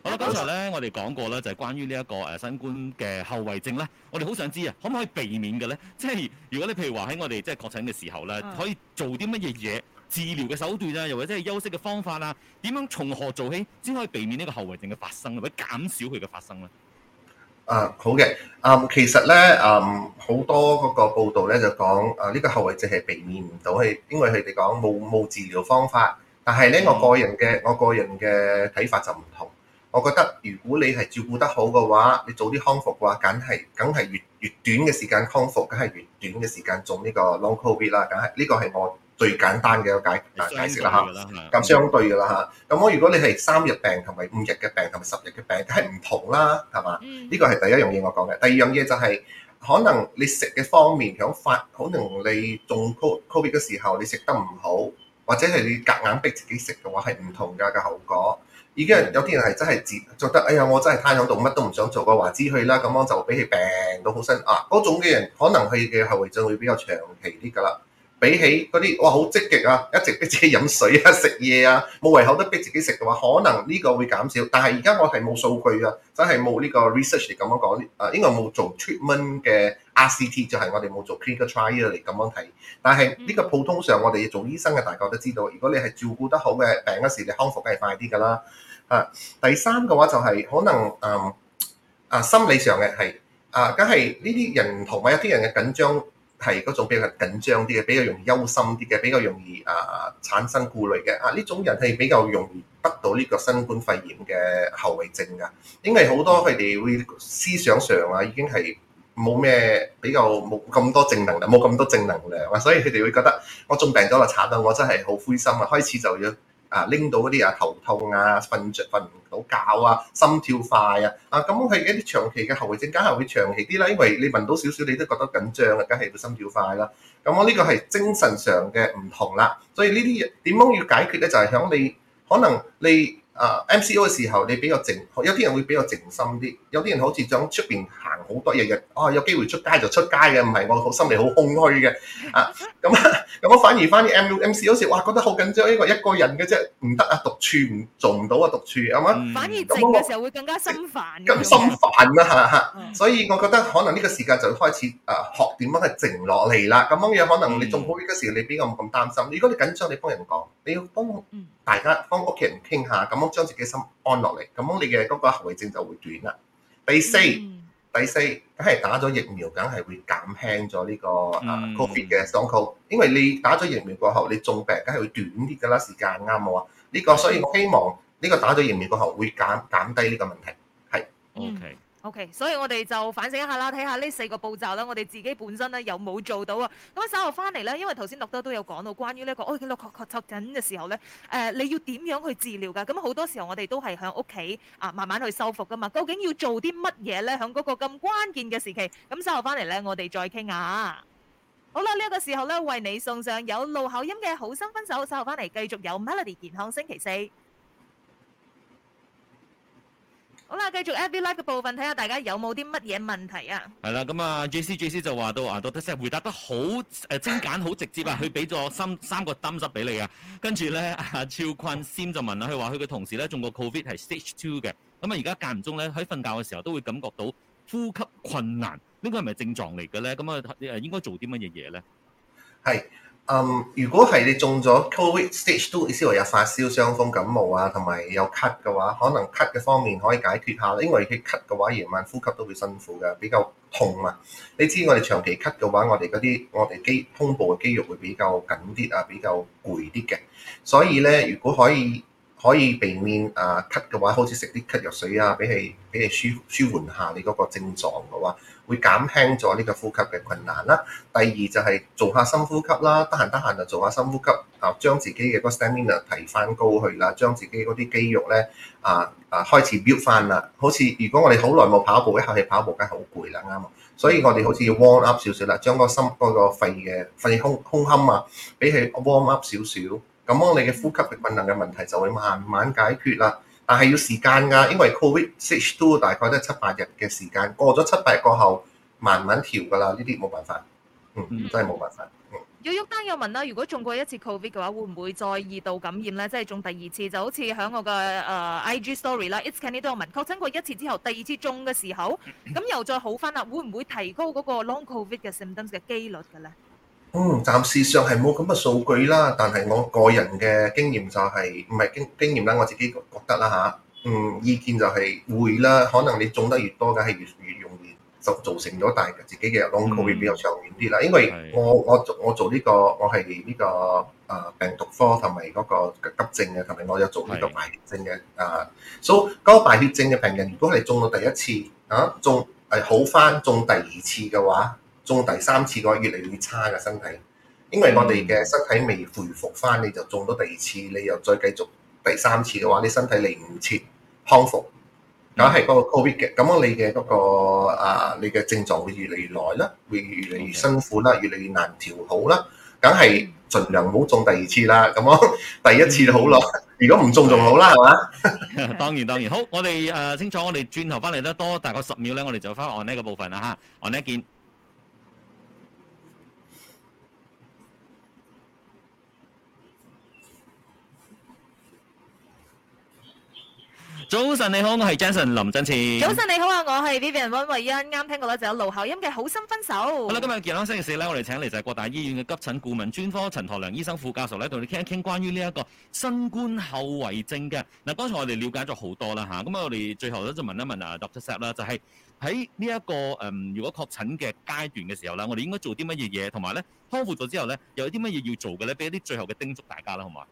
好啦，剛才咧我哋講過咧，就係關於呢一個誒新冠嘅後遺症咧，我哋好想知啊，可唔可以避免嘅咧？即係如果你譬如話喺我哋即係確診嘅時候咧，可以做啲乜嘢嘢？治療嘅手段啊，又或者係休息嘅方法啊，點樣從何做起先可以避免呢個後遺症嘅發生，啊，或者減少佢嘅發生咧？啊，uh, 好嘅，啊、um,，其實咧，啊，好多嗰個報道咧就講，啊，呢個後遺症係避免唔到，係因為佢哋講冇冇治療方法。但係咧，我個人嘅我個人嘅睇法就唔同。我覺得如果你係照顧得好嘅話，你早啲康復嘅話，梗係梗係越越短嘅時間康復，梗係越短嘅時間做呢個 Long Covid 啦。梗係呢個係我。最簡單嘅一個解解釋啦嚇，咁相對嘅啦嚇。咁我、嗯、如果你係三日病同埋五日嘅病同埋十日嘅病，梗係唔同啦，係嘛？呢個係第一樣嘢我講嘅。第二樣嘢就係、是、可能你食嘅方面響發，可能你中 covid 嘅時候你食得唔好，或者係你夾硬，硬逼自己食嘅話係唔同㗎嘅後果。已經有啲人係真係自覺得，哎呀我真係癱喺度，乜都唔想做嘅話，只去啦，咁樣我就俾佢病到好身啊嗰種嘅人，可能佢嘅後遺症會比較長期啲㗎啦。比起嗰啲我好積極啊，一直逼自己飲水啊、食嘢啊，冇胃口都逼自己食嘅話，可能呢個會減少。但係而家我係冇數據啊，真係冇呢個 research 嚟咁樣講。誒，應該冇做 treatment 嘅 RCT，就係我哋冇做 clinical trial 嚟咁樣睇。但係呢個普通上，我哋做醫生嘅，大家都知道，如果你係照顧得好嘅病嗰時，你康復梗係快啲㗎啦。啊，第三嘅話就係、是、可能誒、嗯、啊心理上嘅係啊，梗係呢啲人同埋一啲人嘅緊張。係嗰種比較緊張啲嘅，比較容易憂心啲嘅，比較容易啊產生顧慮嘅啊，呢種人係比較容易得到呢個新冠肺炎嘅後遺症㗎，因為好多佢哋會思想上啊已經係冇咩，比較冇咁多正能量，冇咁多正能量啊，所以佢哋會覺得我仲病咗喇，慘到我真係好灰心啊，開始就要。啊，拎到嗰啲啊，頭痛啊，瞓著瞓唔到覺啊，心跳快啊，啊咁佢一啲長期嘅後遺症，梗係會長期啲啦。因為你聞到少少，你都覺得緊張啊，梗係會心跳快啦。咁我呢個係精神上嘅唔同啦。所以呢啲點樣要解決咧？就係、是、響你可能你啊、uh, MCO 嘅時候，你比較靜，有啲人會比較靜心啲，有啲人好似想出邊行好多日日，哦、啊，有機會出街就出街嘅、啊，唔係我心理好空虛嘅啊咁。咁我反而翻啲 M、MM、U M C 好似哇，覺得好緊張，呢個一個人嘅啫，唔得啊，獨處唔做唔到啊，獨處係嘛？反而靜嘅時候會更加心煩。咁、嗯、心煩啦吓，所以我覺得可能呢個時間就開始誒學點樣去靜落嚟啦。咁樣有可能你仲好啲嗰時，你邊個唔咁擔心？嗯、如果你緊張，你幫人講，你要幫大家幫屋企人傾下，咁樣將自己心安落嚟，咁樣你嘅嗰個後遺症就會短啦。第四。嗯第四，梗係打咗疫苗，梗係會減輕咗呢個啊，Covid 嘅傷口，嗯、因為你打咗疫苗過後，你中病梗係會短啲噶啦時間，啱唔啱啊？呢、呢個所以我希望呢個打咗疫苗過後會減減低呢個問題，係 OK。嗯 OK，所以我哋就反省一下啦，睇下呢四個步驟啦，我哋自己本身咧有冇做到啊？咁、嗯、稍後翻嚟咧，因為頭先樂德都有講到關於呢、這、一個，哦、哎，佢落確確診嘅時候咧，誒、呃，你要點樣去治療噶？咁、嗯、好多時候我哋都係喺屋企啊，慢慢去修復噶嘛。究竟要做啲乜嘢咧？喺嗰個咁關鍵嘅時期，咁、嗯、稍後翻嚟咧，我哋再傾下。好啦，呢、這、一個時候咧，為你送上有盧巧音嘅好心分手，稍後翻嚟繼續有 Melody 健康星期四。好啦，繼續 AV Live 嘅部分，睇下大家有冇啲乜嘢問題啊？係啦，咁啊，JC JC 就話到啊，doctor C 回答得好誒精簡，好直接啊，佢俾咗三三個 thumbs up 俾你啊。跟住咧，阿超坤 Sam 就問啦，佢話佢嘅同事咧中過 Covid 係 Stage Two 嘅，咁啊而家間唔中咧喺瞓覺嘅時候都會感覺到呼吸困難，應呢個係咪症狀嚟嘅咧？咁啊誒應該做啲乜嘢嘢咧？係。Um, 如果係你中咗 COVID stage two，意思話有發燒、傷風、感冒啊，同埋有咳嘅話，可能咳嘅方面可以解決下。因為佢咳嘅話，夜晚呼吸都會辛苦嘅，比較痛啊。你知我哋長期咳嘅話，我哋嗰啲我哋肌胸部嘅肌肉會比較緊啲啊，比較攰啲嘅。所以呢，如果可以。可以避免啊，咳嘅話，好似食啲咳藥水啊，俾你俾佢舒舒緩下你嗰個症狀嘅話，會減輕咗呢個呼吸嘅困難啦。第二就係做下深呼吸啦，得閒得閒就做下深呼吸啊，將自己嘅嗰 stamina 啊提翻高去啦，將自己嗰啲肌肉咧啊，啊開始 build 翻啦。好似如果我哋好耐冇跑步，一氣跑步梗係好攰啦，啱啊。所以我哋好似要 warm up 少少啦，將嗰個心嗰個肺嘅肺胸胸腔啊，俾佢 warm up 少少。咁我哋嘅呼吸嘅功能嘅問題就會慢慢解決啦，但係要時間㗎，因為 COVID stage two 大概都係七八日嘅時間，過咗七八日過後，慢慢調㗎啦，呢啲冇辦法，嗯，真係冇辦法。有鬱丹有問啦，如果中過一次 COVID 嘅話，會唔會再二度感染咧？即係中第二次，就好似喺我嘅誒 IG story 啦，It’s Kenny 都有問，確診過一次之後，第二次中嘅時候，咁又再好翻啦，會唔會提高嗰個 long COVID 嘅 symptoms 嘅機率㗎咧？嗯，暫時上係冇咁嘅數據啦，但係我個人嘅經驗就係、是，唔係經經驗啦，我自己覺得啦嚇。嗯，意見就係會啦，可能你中得越多梗係越越容易就造成咗，大係自己嘅 Long Covid 會比較長遠啲啦。因為我是的 我，我，我做我做呢個，我係呢個誒病毒科同埋嗰個急症嘅，同埋我有做呢個敗血症嘅誒。所以敗血症嘅病人，如果係中咗第一次啊，中係好返，中第二次嘅話。中第三次嘅話，越嚟越差嘅身體，因為我哋嘅身體未恢復翻，你就中咗第二次，你又再繼續第三次嘅話，你身體嚟唔切康復，梗係嗰個 COVID 嘅，咁我你嘅嗰、嗰個啊，你嘅症狀會越嚟越耐啦，會越嚟越辛苦啦，越嚟越難調好啦，梗係儘量唔好中第二次啦，咁我第一次好咯，如果唔中仲好啦，係嘛？當然當然，好，我哋誒、呃、清楚，我哋轉頭翻嚟得多大概十秒咧，我哋就翻按呢個部分啦嚇，按呢一見。早晨你好，我係 Jason 林振前。早晨你好啊，我係 Vivian 溫慧欣。啱聽過咧就有盧巧音嘅《好心分手》。好啦，今日健康星期四咧，我哋請嚟就係國大醫院嘅急診顧問專科陳台良醫生副教授咧，同你傾一傾關於呢一個新冠後遺症嘅。嗱，剛才我哋了解咗好多啦吓，咁啊我哋最後咧就問一問啊 Dr. Seth 啦、這個，就係喺呢一個誒，如果確診嘅階段嘅時候啦，我哋應該做啲乜嘢嘢？同埋咧，康復咗之後咧，又有啲乜嘢要做嘅咧？俾一啲最後嘅叮囑大家啦，好唔好？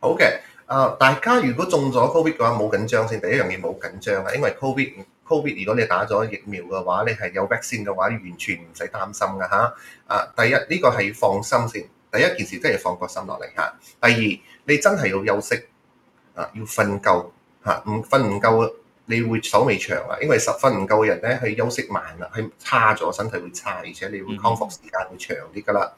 好嘅，啊大家如果中咗 Covid 嘅話，冇緊張先。第一樣嘢冇緊張啊，因為 Covid，Covid CO 如果你打咗疫苗嘅話，你係有 vaccine 嘅話，你完全唔使擔心噶嚇。啊，第一呢、這個係放心先。第一件事真係放個心落嚟嚇。第二，你真係要休息啊，要瞓夠嚇。唔瞓唔夠，你會手尾長啊。因為十分唔夠嘅人咧，佢休息慢啦，佢差咗身體會差，而且你會康復時間會長啲噶啦。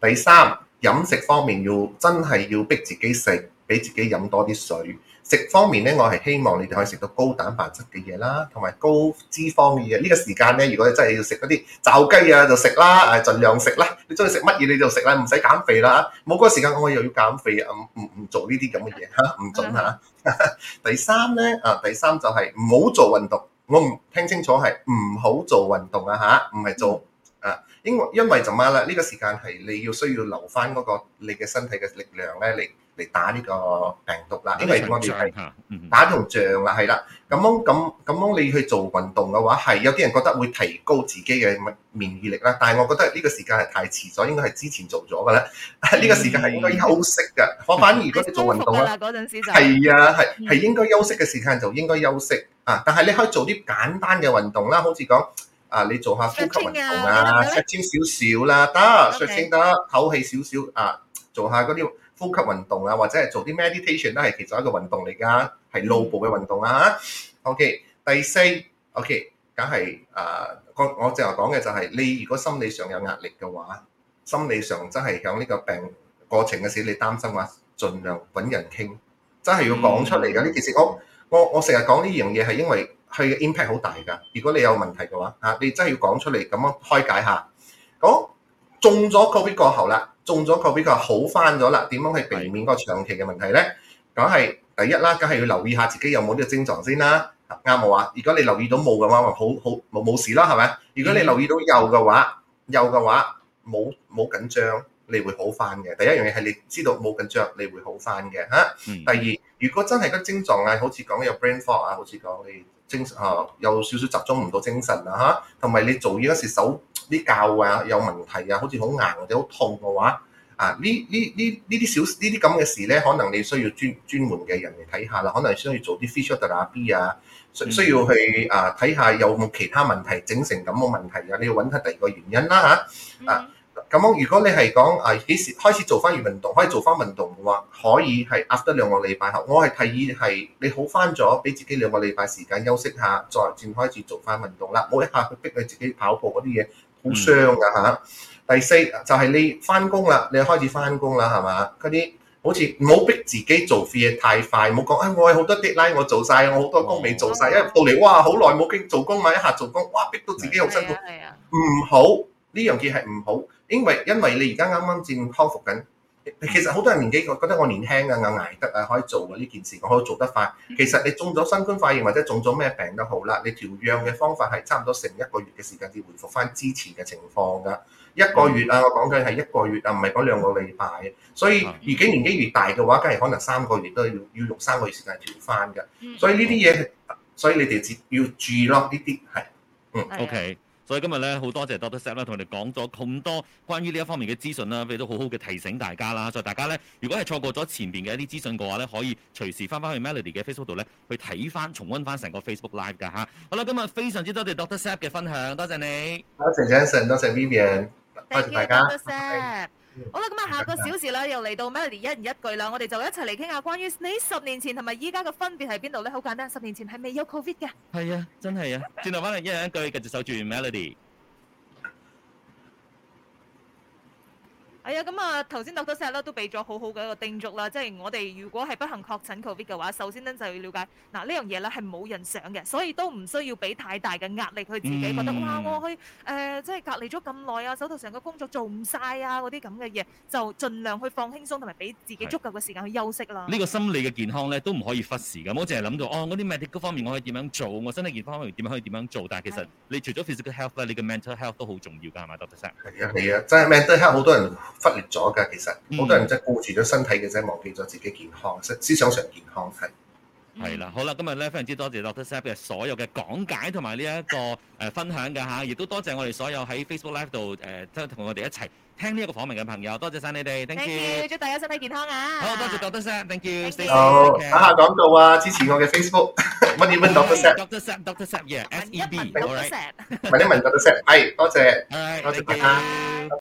嗯、第三。飲食方面要真係要逼自己食，俾自己飲多啲水。食方面呢，我係希望你哋可以食到高蛋白質嘅嘢啦，同埋高脂肪嘅嘢。呢個時間呢，如果你真係要食嗰啲炸雞啊，就食啦，誒、啊，儘量食啦。你中意食乜嘢你就食啦，唔使減肥啦。冇嗰個時間我又要減肥啊，唔唔做呢啲咁嘅嘢嚇，唔準嚇、啊。 第三呢，啊，第三就係唔好做運動。我唔聽清楚係唔好做運動啊吓，啊，唔係做。因為因為就乜啦？呢個時間係你要需要留翻嗰個你嘅身體嘅力量咧，嚟嚟打呢個病毒啦。因為我哋係打同仗啊，係啦。咁樣咁咁樣你去做運動嘅話，係有啲人覺得會提高自己嘅免疫力啦。但係我覺得呢個時間係太遲咗，應該係之前做咗㗎啦。呢個時間係應該休息㗎。我反而如果做運動係啊，嗰陣時就係啊，係係應該休息嘅時間就應該休息啊。但係你可以做啲簡單嘅運動啦，好似講。啊！你做下呼吸運動啊，吸清少少啦，得，吸清得，透氣少少啊，做下嗰啲呼吸運動啊，或者係做啲 meditation 都係其中一個運動嚟噶，係腦部嘅運動啦、啊。OK，第四，OK，梗係啊，我我淨係講嘅就係你如果心理上有壓力嘅話，心理上真係響呢個病過程嘅時，你擔心嘅、啊、話，盡量揾人傾，真係要講出嚟㗎。呢件事我我我成日講呢樣嘢係因為。佢嘅 impact 好大㗎。如果你有問題嘅話，嚇你真係要講出嚟，咁樣開解下。講、嗯、中咗 COVID 過後啦，中咗 COVID 好翻咗啦。點樣去避免嗰個長期嘅問題咧？梗係第一啦，梗係要留意下自己有冇呢個症狀先啦。啱我話，如果你留意到冇嘅話，好好冇冇事啦，係咪？如果你留意到有嘅話，有嘅話冇冇緊張，你會好翻嘅。第一樣嘢係你知道冇緊張，你會好翻嘅嚇。第二，如果真係嗰症狀啊，好似講有 brain fog 啊，好似講你。精啊，有少少集中唔到精神啊嚇，同埋你做嘢嗰時手啲教啊有問題啊，好似好硬或者好痛嘅話啊，這這呢呢呢呢啲小呢啲咁嘅事咧，可能你需要專專門嘅人嚟睇下啦，可能需要做啲 physical 啊 B 啊，需需要去啊睇下有冇其他問題整成咁嘅問題啊，你要揾下第二個原因啦嚇啊。嗯咁如果你係講誒幾時開始做翻運動，可以做翻運動嘅話，可以係 after 兩個禮拜。我係提議係你好翻咗，俾自己兩個禮拜時間休息下，再轉開始做翻運動啦。冇一下去逼佢自己跑步嗰啲嘢，好傷噶嚇。啊嗯、第四就係、是、你翻工啦，你開始翻工啦，係嘛？嗰啲好似唔好逼自己做 f 嘢太快，冇講啊！我有好多 deadline 我做晒，我好多工未做晒。嗯，因為到嚟哇好耐冇經做工嘛，一,一下做工哇逼到自己好辛苦，唔好呢樣嘢係唔好。因為因為你而家啱啱正康復緊，其實好多人年紀覺得我年輕啊，我捱得啊，可以做啊呢件事，我可以做得快。其實你中咗新冠肺炎或者中咗咩病都好啦，你調養嘅方法係差唔多成一個月嘅時間先回復翻之前嘅情況㗎。一個月啊，嗯、我講嘅係一個月啊，唔係講兩個禮拜。所以而經、嗯、年紀越大嘅話，梗係可能三個月都要要用三個月時間調翻㗎。所以呢啲嘢係，所以你哋要注意咯呢啲係，嗯，OK。所以今日咧好多謝 Dr. Seth 咧同我哋講咗咁多關於呢一方面嘅資訊啦、啊，俾都好好嘅提醒大家啦。所以大家咧，如果係錯過咗前邊嘅一啲資訊嘅話咧，可以隨時翻翻 Mel 去 Melody 嘅 Facebook 度咧去睇翻、重温翻成個 Facebook Live 㗎嚇。好啦，今日非常之多謝 Dr. Seth 嘅分享，多謝你。多謝 Jason，多謝 Vivian，多謝大家。好啦，咁、嗯、啊，下個小時啦，又嚟到 Melody 一人一句啦，我哋就一齊嚟傾下關於你十年前同埋依家嘅分別喺邊度咧？好簡單，十年前係未有 COVID 嘅。係 啊，真係啊，轉頭返嚟一人一句，繼續守住 Melody。係啊，咁啊頭先 doctor Sir 啦，都俾咗好好嘅一個叮囑啦。即係我哋如果係不幸確診 COVID 嘅話，首先咧就要了解嗱呢樣嘢啦，係冇人想嘅，所以都唔需要俾太大嘅壓力。佢自己覺得哇，我去誒即係隔離咗咁耐啊，手頭上個工作做唔晒啊，嗰啲咁嘅嘢，就儘量去放輕鬆，同埋俾自己足夠嘅時間去休息啦。呢個心理嘅健康咧，都唔可以忽視㗎。唔好淨係諗到哦，嗰啲 medical 嗰方面我可以點樣做，我身體健康方面點樣可以點樣做。但係其實你除咗 physical health 咧，你嘅 mental health 都好重要㗎，係嘛，doctor Sir？係啊係啊，真係 mental health 好多人。忽略咗㗎，其實好多人即係顧住咗身體嘅啫，忘記咗自己健康，思思想上健康係係啦。好啦，今日咧非常之多謝 Doctor Set 嘅所有嘅講解同埋呢一個誒分享嘅吓，亦都多謝我哋所有喺 Facebook Live 度誒即係同我哋一齊聽呢一個訪問嘅朋友，多謝晒你哋。Thank you，祝大家身體健康啊！好，多謝 Doctor Set，Thank you，好，打下廣告啊！支持我嘅 Facebook，乜嘢乜嘢 Doctor Set，Doctor Set，Doctor Set 嘅 EB，問一問 Doctor Set，係多謝，多謝大家。